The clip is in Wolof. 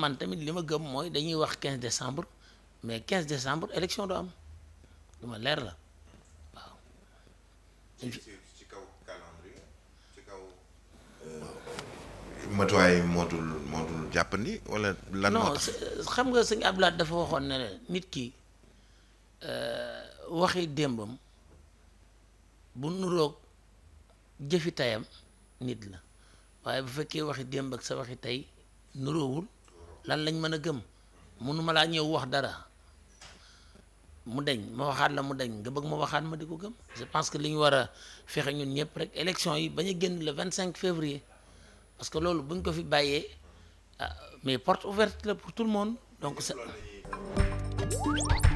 man tamit li ma gëm mooy dañuy wax 15 décembre mais quinze décembre élection du am lu leer la waaw. ci kaw calendrier ci euh, matuwaay moo dul moo dul jàppandi wala lan. non xam nga sëñ Abdoulaye dafa waxoon ne nit ki euh, waxi démbam bu nurook jëfi tayam nit la waaye bu fekkee waxi démb sa waxi tey nuroowul. lan lañ mën a gëm munuma laa ñëw wax dara mu deñ ma waxaat la mu deñ nga bëgg ma waxaat ma di ko gëm je pense que li ñu war a fexe ñun ñëpp rek élection yi bañ a génn le vingt cinq février parce que loolu buñ ko fi bàyyee ah, mais porte ouverte la pour tout le monde donc c'est